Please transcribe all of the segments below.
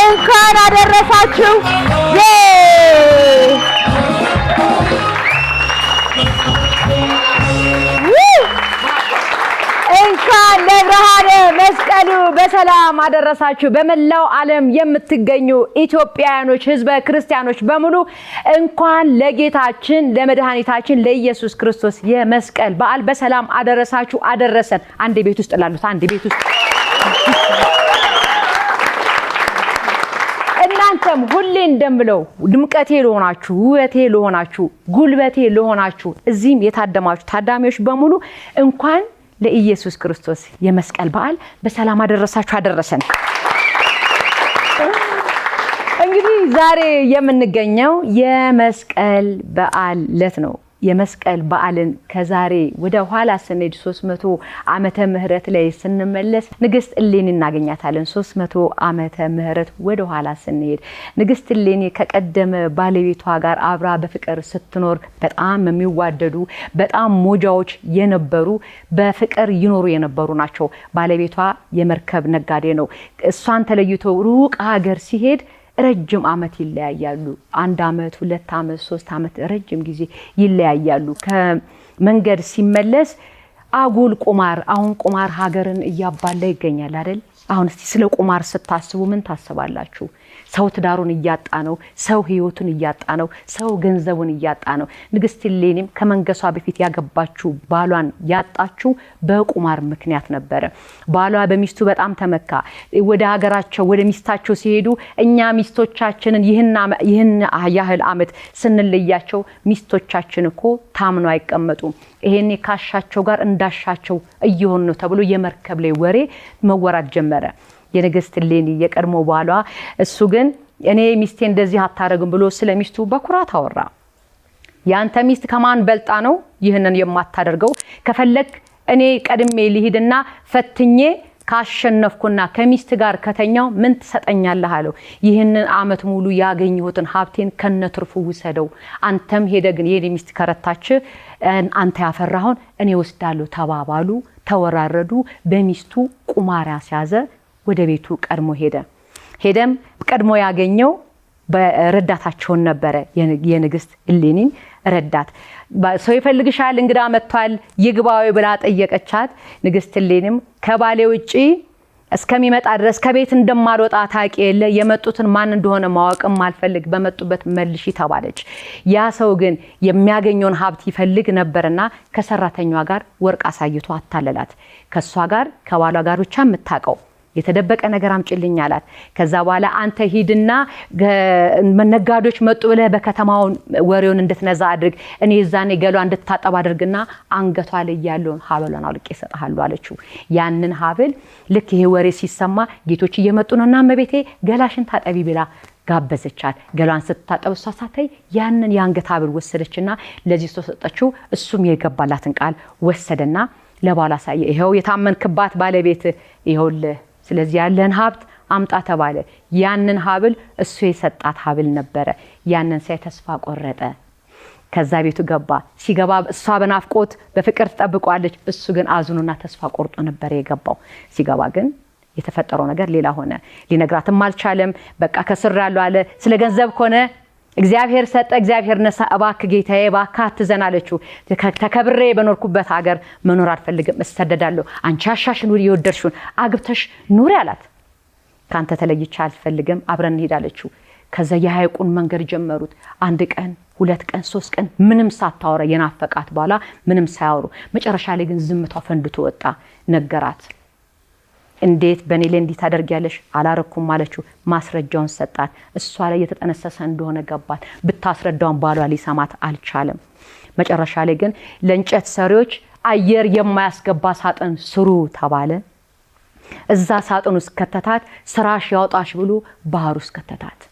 እንኳን አደረሳችሁ። በሰላም አደረሳችሁ። በመላው ዓለም የምትገኙ ኢትዮጵያውያኖች፣ ህዝበ ክርስቲያኖች በሙሉ እንኳን ለጌታችን ለመድኃኒታችን ለኢየሱስ ክርስቶስ የመስቀል በዓል በሰላም አደረሳችሁ አደረሰን። አንድ ቤት ውስጥ ላሉት አንድ ቤት ውስጥ እናንተም ሁሌ እንደምለው ድምቀቴ ለሆናችሁ፣ ውበቴ ለሆናችሁ፣ ጉልበቴ ለሆናችሁ እዚህም የታደማችሁ ታዳሚዎች በሙሉ እንኳን ለኢየሱስ ክርስቶስ የመስቀል በዓል በሰላም አደረሳችሁ አደረሰን። እንግዲህ ዛሬ የምንገኘው የመስቀል በዓል ዕለት ነው። የመስቀል በዓልን ከዛሬ ወደ ኋላ ስንሄድ 300 ዓመተ ምህረት ላይ ስንመለስ ንግስት እሌኒ እናገኛታለን። 300 ዓመተ ምህረት ወደ ኋላ ስንሄድ ንግስት እሌኒ ከቀደመ ባለቤቷ ጋር አብራ በፍቅር ስትኖር በጣም የሚዋደዱ በጣም ሞጃዎች የነበሩ በፍቅር ይኖሩ የነበሩ ናቸው። ባለቤቷ የመርከብ ነጋዴ ነው። እሷን ተለይቶ ሩቅ ሀገር ሲሄድ ረጅም አመት ይለያያሉ። አንድ አመት ሁለት አመት፣ ሶስት አመት ረጅም ጊዜ ይለያያሉ። ከመንገድ ሲመለስ አጉል ቁማር፣ አሁን ቁማር ሀገርን እያባላ ይገኛል አይደል? አሁን እስቲ ስለ ቁማር ስታስቡ ምን ታስባላችሁ? ሰው ትዳሩን እያጣ ነው። ሰው ህይወቱን እያጣ ነው። ሰው ገንዘቡን እያጣ ነው። ንግስት ሌኒም ከመንገሷ በፊት ያገባችው ባሏን ያጣችው በቁማር ምክንያት ነበረ። ባሏ በሚስቱ በጣም ተመካ። ወደ ሀገራቸው ወደ ሚስታቸው ሲሄዱ እኛ ሚስቶቻችንን ይህን ያህል አመት ስንለያቸው ሚስቶቻችን እኮ ታምኖ አይቀመጡም ይሄኔ ካሻቸው ጋር እንዳሻቸው እየሆን ነው ተብሎ የመርከብ ላይ ወሬ መወራት ጀመረ። የንግስት ሌኒ የቀድሞ ባሏ እሱ ግን እኔ ሚስቴ እንደዚህ አታረግም ብሎ ስለ ሚስቱ በኩራት አወራ። ያንተ ሚስት ከማን በልጣ ነው ይህንን የማታደርገው? ከፈለግ እኔ ቀድሜ ልሂድና ፈትኜ ካሸነፍኩና ከሚስት ጋር ከተኛው ምን ትሰጠኛለህ? አለው። ይህንን አመት ሙሉ ያገኘሁትን ሀብቴን ከነትርፉ ውሰደው፣ አንተም ሄደ ግን የኔ ሚስት ከረታች አንተ ያፈራሁን እኔ ወስዳለሁ ተባባሉ፣ ተወራረዱ። በሚስቱ ቁማር ያስያዘ ወደ ቤቱ ቀድሞ ሄደ። ሄደም ቀድሞ ያገኘው ረዳታቸውን ነበረ። የንግስት እሌኒን ረዳት ሰው ይፈልግሻል፣ እንግዳ መጥቷል፣ ይግባዊ ብላ ጠየቀቻት። ንግስት እሌኒም ከባሌ ውጪ እስከሚመጣ ድረስ ከቤት እንደማልወጣ ታውቂ የለ የመጡትን ማን እንደሆነ ማወቅም አልፈልግ፣ በመጡበት መልሺ ተባለች። ያ ሰው ግን የሚያገኘውን ሀብት ይፈልግ ነበርና ከሰራተኛ ጋር ወርቅ አሳይቶ አታለላት። ከእሷ ጋር ከባሏ ጋር ብቻ የምታውቀው የተደበቀ ነገር አምጪልኝ አላት። ከዛ በኋላ አንተ ሂድና መነጋዶች መጡ ብለህ በከተማውን ወሬውን እንድትነዛ አድርግ፣ እኔ የዛኔ ገሏ እንድትታጠብ አድርግና አንገቷ ላይ ያለውን ሀበሏን አውልቄ እሰጥሃለሁ አለችው። ያንን ሀብል ልክ ይሄ ወሬ ሲሰማ ጌቶች እየመጡ ነው እና እመቤቴ ገላሽን ታጠቢ ብላ ጋበዘቻት። ገሏን ስትታጠብ እሷ ሳታይ ያንን የአንገት ሀብል ወሰደችና ለዚህ ሰው ሰጠችው። እሱም የገባላትን ቃል ወሰደና ለባሏ አሳየ። ይኸው የታመንክባት ባለቤት ይኸውልህ ስለዚህ ያለን ሀብት አምጣ ተባለ። ያንን ሀብል እሱ የሰጣት ሀብል ነበረ። ያንን ሳይ ተስፋ ቆረጠ። ከዛ ቤቱ ገባ። ሲገባ እሷ በናፍቆት በፍቅር ትጠብቋለች። እሱ ግን አዝኖና ተስፋ ቆርጦ ነበረ የገባው። ሲገባ ግን የተፈጠረው ነገር ሌላ ሆነ። ሊነግራትም አልቻለም። በቃ ከስር ያለው አለ ስለ ገንዘብ ከሆነ እግዚአብሔር ሰጠ፣ እግዚአብሔር ነሳ፣ እባክ ጌታዬ እባክህ አትዘን አለችው። ተከብሬ በኖርኩበት ሀገር መኖር አልፈልግም፣ እሰደዳለሁ። አንቺ አሻሽን የወደድሽውን አግብተሽ ኑሪ አላት። ከአንተ ተለይቼ አልፈልግም፣ አብረን እንሂድ አለችው። ከዛ የሐይቁን መንገድ ጀመሩት። አንድ ቀን ሁለት ቀን ሶስት ቀን ምንም ሳታወራ የናፈቃት በኋላ ምንም ሳያወሩ መጨረሻ ላይ ግን ዝምታው ፈንድቶ ወጣ። ነገራት እንዴት በእኔ ላይ እንዲህ ታደርጊያለሽ? አላረኩም አለችው። ማስረጃውን ሰጣት። እሷ ላይ የተጠነሰሰ እንደሆነ ገባት። ብታስረዳውን ባሏ ሊሰማት አልቻለም። መጨረሻ ላይ ግን ለእንጨት ሰሪዎች አየር የማያስገባ ሳጥን ስሩ ተባለ። እዛ ሳጥን ውስጥ ከተታት። ስራሽ ያውጣሽ ብሎ ባህር ውስጥ ከተታት።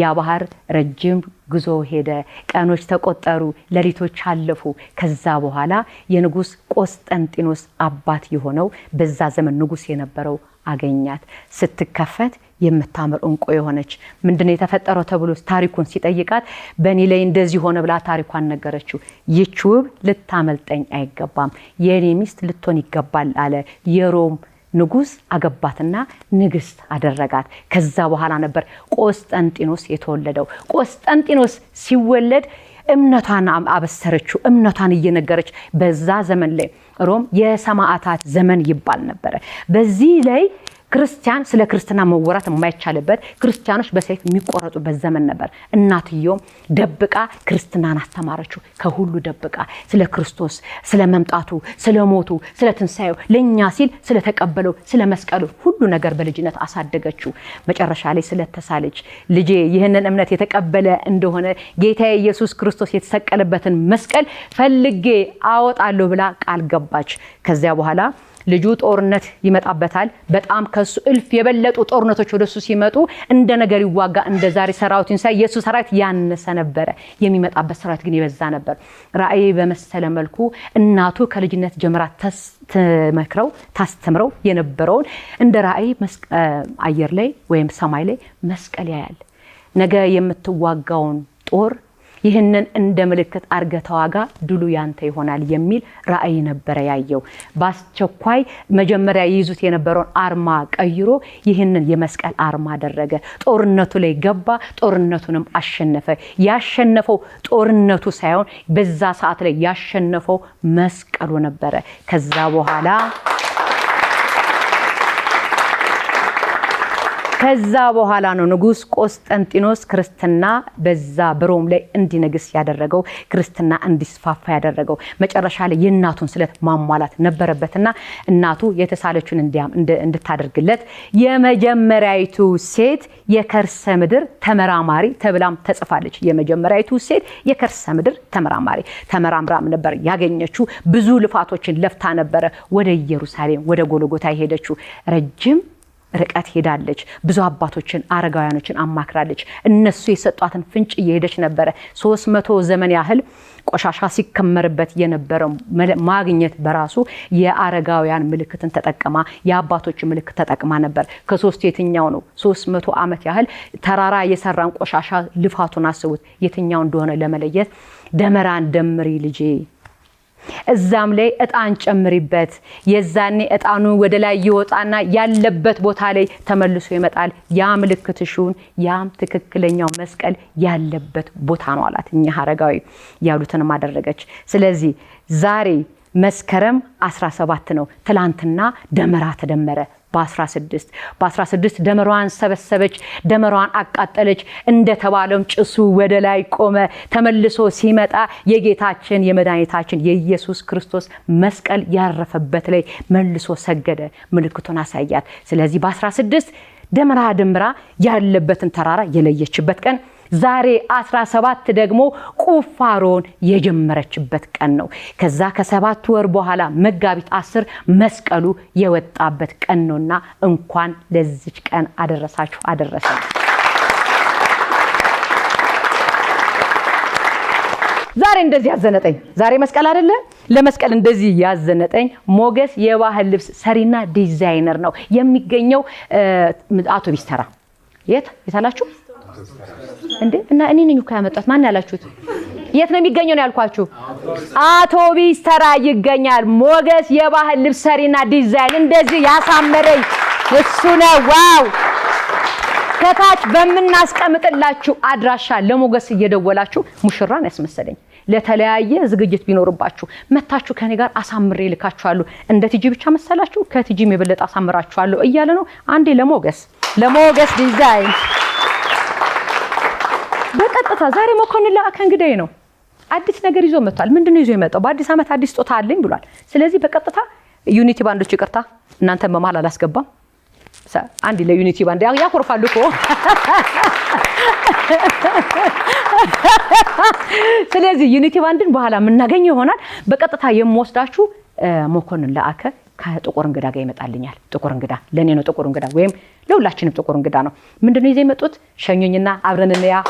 ያ ባህር ረጅም ጉዞ ሄደ። ቀኖች ተቆጠሩ፣ ሌሊቶች አለፉ። ከዛ በኋላ የንጉስ ቆስጠንጢኖስ አባት የሆነው በዛ ዘመን ንጉስ የነበረው አገኛት። ስትከፈት የምታምር እንቁ የሆነች ምንድነው የተፈጠረው ተብሎ ታሪኩን ሲጠይቃት በእኔ ላይ እንደዚህ ሆነ ብላ ታሪኳን ነገረችው። ይች ውብ ልታመልጠኝ አይገባም፣ የእኔ ሚስት ልትሆን ይገባል አለ የሮም ንጉስ አገባትና ንግስት አደረጋት። ከዛ በኋላ ነበር ቆስጠንጢኖስ የተወለደው። ቆስጠንጢኖስ ሲወለድ እምነቷን አበሰረችው። እምነቷን እየነገረች በዛ ዘመን ላይ ሮም የሰማዕታት ዘመን ይባል ነበረ። በዚህ ላይ ክርስቲያን ስለ ክርስትና መወራት የማይቻልበት ክርስቲያኖች በሰይፍ የሚቆረጡበት ዘመን ነበር። እናትየውም ደብቃ ክርስትናን አስተማረችው። ከሁሉ ደብቃ ስለ ክርስቶስ፣ ስለ መምጣቱ፣ ስለ ሞቱ፣ ስለ ትንሣኤው፣ ለእኛ ሲል ስለተቀበለው፣ ስለ መስቀሉ ሁሉ ነገር በልጅነት አሳደገችው። መጨረሻ ላይ ስለተሳለች ልጄ ይህንን እምነት የተቀበለ እንደሆነ ጌታ ኢየሱስ ክርስቶስ የተሰቀለበትን መስቀል ፈልጌ አወጣለሁ ብላ ቃል ገባች። ከዚያ በኋላ ልጁ ጦርነት ይመጣበታል። በጣም ከሱ እልፍ የበለጡ ጦርነቶች ወደሱ ሲመጡ እንደ ነገር ይዋጋ እንደ ዛሬ ሰራዊት ሳይ የእሱ ሰራዊት ያነሰ ነበረ፣ የሚመጣበት ሰራዊት ግን የበዛ ነበር። ራእይ በመሰለ መልኩ እናቱ ከልጅነት ጀምራ ተመክረው ታስተምረው የነበረውን እንደ ራእይ አየር ላይ ወይም ሰማይ ላይ መስቀል ያያል። ነገ የምትዋጋውን ጦር ይህንን እንደ ምልክት አርገ ተዋጋ፣ ድሉ ያንተ ይሆናል የሚል ራዕይ ነበረ ያየው። በአስቸኳይ መጀመሪያ ይይዙት የነበረውን አርማ ቀይሮ ይህንን የመስቀል አርማ አደረገ። ጦርነቱ ላይ ገባ፣ ጦርነቱንም አሸነፈ። ያሸነፈው ጦርነቱ ሳይሆን በዛ ሰዓት ላይ ያሸነፈው መስቀሉ ነበረ። ከዛ በኋላ ከዛ በኋላ ነው ንጉስ ቆስጠንጢኖስ ክርስትና በዛ በሮም ላይ እንዲነግስ ያደረገው ክርስትና እንዲስፋፋ ያደረገው። መጨረሻ ላይ የእናቱን ስለት ማሟላት ነበረበትና እናቱ የተሳለችን እንድታደርግለት የመጀመሪያይቱ ሴት የከርሰ ምድር ተመራማሪ ተብላም ተጽፋለች። የመጀመሪያይቱ ሴት የከርሰ ምድር ተመራማሪ ተመራምራም ነበር ያገኘችው። ብዙ ልፋቶችን ለፍታ ነበረ ወደ ኢየሩሳሌም ወደ ጎልጎታ የሄደችው ረጅም ርቀት ሄዳለች። ብዙ አባቶችን አረጋውያኖችን አማክራለች። እነሱ የሰጧትን ፍንጭ እየሄደች ነበረ። ሶስት መቶ ዘመን ያህል ቆሻሻ ሲከመርበት የነበረው ማግኘት በራሱ የአረጋውያን ምልክትን ተጠቅማ የአባቶች ምልክት ተጠቅማ ነበር። ከሶስቱ የትኛው ነው? ሶስት መቶ ዓመት ያህል ተራራ የሰራን ቆሻሻ ልፋቱን አስቡት፣ የትኛው እንደሆነ ለመለየት ደመራን ደምሪ ልጄ እዛም ላይ እጣን ጨምሪበት። የዛኔ እጣኑ ወደ ላይ ይወጣና ያለበት ቦታ ላይ ተመልሶ ይመጣል። ያ ምልክት ይሁን፣ ያም ትክክለኛው መስቀል ያለበት ቦታ ነው አላት። እኛ ሐረጋዊ ያሉትንም አደረገች። ስለዚህ ዛሬ መስከረም 17 ነው። ትላንትና ደመራ ተደመረ። በ16 በ16 ሰበሰበች፣ ደመራዋን አቃጠለች። እንደተባለውም ጭሱ ወደ ላይ ቆመ። ተመልሶ ሲመጣ የጌታችን የመድኃኒታችን የኢየሱስ ክርስቶስ መስቀል ያረፈበት ላይ መልሶ ሰገደ። ምልክቱን አሳያት። ስለዚህ በ16 ደመራ ደምራ ያለበትን ተራራ የለየችበት ቀን ዛሬ 17 ደግሞ ቁፋሮን የጀመረችበት ቀን ነው። ከዛ ከሰባት ወር በኋላ መጋቢት አስር መስቀሉ የወጣበት ቀን ነውና እንኳን ለዚች ቀን አደረሳችሁ አደረሰ። ዛሬ እንደዚህ ያዘነጠኝ ዛሬ መስቀል አይደለ? ለመስቀል እንደዚህ ያዘነጠኝ ሞገስ የባህል ልብስ ሰሪና ዲዛይነር ነው የሚገኘው አውቶቢስ ተራ የት የታላችሁ እንዴ እና እኔ ነኝ እኮ ያመጣት። ማን ያላችሁት? የት ነው የሚገኘው ነው ያልኳችሁ። አውቶቢስ ተራ ይገኛል። ሞገስ የባህል ልብስ ሰሪና ዲዛይን እንደዚህ ያሳመረኝ እሱ ነው። ዋው! ከታች በምናስቀምጥላችሁ አድራሻ ለሞገስ እየደወላችሁ ሙሽራን ያስመሰለኝ ለተለያየ ዝግጅት ቢኖርባችሁ መታችሁ ከኔ ጋር አሳምሬ ልካችኋለሁ። እንደ ትጂ ብቻ መሰላችሁ? ከቲጂም የበለጠ አሳምራችኋለሁ እያለ ነው። አንዴ ለሞገስ ለሞገስ ዲዛይን ስጦታ ዛሬ መኮንን ለአከ እንግዳዬ ነው። አዲስ ነገር ይዞ መጥቷል። ምንድን ነው ይዞ የመጣው? በአዲስ ዓመት አዲስ ስጦታ አለኝ ብሏል። ስለዚህ በቀጥታ ዩኒቲ ባንዶች፣ ይቅርታ እናንተን በመሀል አላስገባም። አንድ ለዩኒቲ ባንድ ያኮርፋሉ እኮ ስለዚህ ዩኒቲ ባንድን በኋላ የምናገኘው ይሆናል። በቀጥታ የምወስዳችሁ መኮንን ለአከ ከጥቁር እንግዳ ጋር ይመጣልኛል። ጥቁር እንግዳ ለእኔ ነው ጥቁር እንግዳ ወይም ለሁላችንም ጥቁር እንግዳ ነው። ምንድነው ይዘ የመጡት? ሸኞኝና አብረን እንያ